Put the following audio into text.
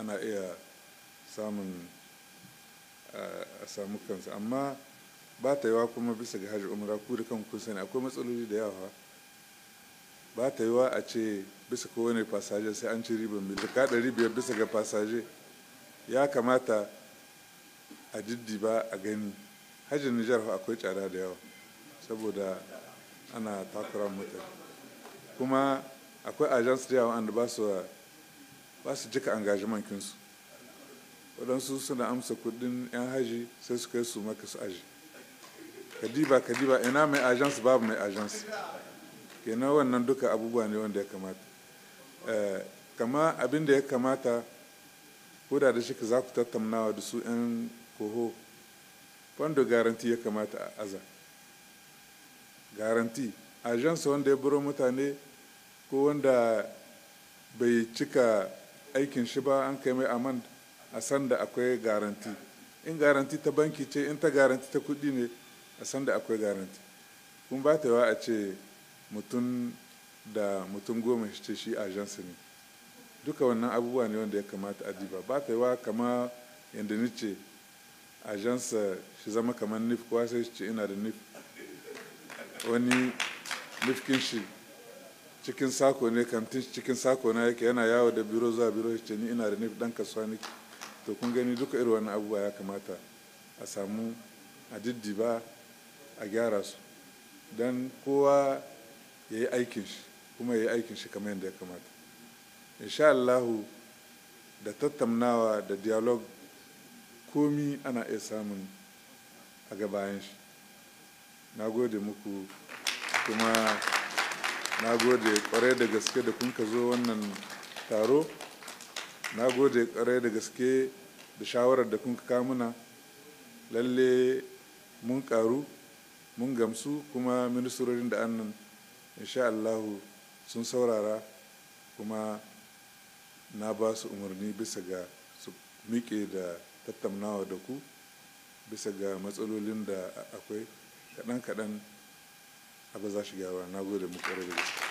ana iya samun eh, a samu kansa amma ba ta yiwa kuma bisa ga hajji umra ku da kan kun sani akwai matsaloli da yawa ba ta yiwa a ce bisa kowane fasaje sai an ci ribar mil ka ɗari biyar bisa ga fasaje ya kamata a diddiba a gani hajjin nijar akwai tsada da yawa saboda ana takura mutane kuma akwai agents da yawa wanda ba su ba su cika engagement kinsu waɗansu suna amsa kuɗin 'yan haji sai su kai su maka su aji kadiba kadiba ina mai agence babu mai agence kenan wannan duka abubuwa ne wanda ya kamata eh, kama abin da ya kamata ko da shi shi za ku tattaunawa da su 'yan koho wanda garanti ya kamata a aza garanti agence wanda ya buro mutane ko wanda bai cika aikin shi ba an kai mai aman a san da akwai garanti in garanti ta banki ce in ta garanti ta kudi ne a san da akwai garanti kun ba ta yawa a ce mutum da mutum goma shi ce shi ajansu ne duka wannan abubuwa ne wanda ya kamata a diba ba ta yawa kama yadda ni ce ajansa shi zama kamar nif kowa sai shi ce ina da nif wani nifkin shi cikin sako ne kantin cikin sako na yake yana yawo da biro zuwa biro ce ni ina da ni dan kasuwa ne to kun gani duka irin wannan abubuwa ya kamata a samu a diddiba a gyara su dan kowa ya yi aikin shi kuma ya yi aikin shi kamar yadda ya kamata insha Allahu da tattaunawa da dialog komi ana iya samun a gabayan shi na gode muku kuma na gode kwarai da gaske da kun ka zo wannan taro na gode kwarai da gaske da shawarar da kun ka muna lalle mun karu mun gamsu kuma ministerorin da annan insha allahu sun saurara kuma na ba su umarni bisa ga su miƙe da tattaunawa da ku bisa ga matsalolin da akwai kaɗan-kaɗan haka za shi gyara na gode mu kwarai da gaske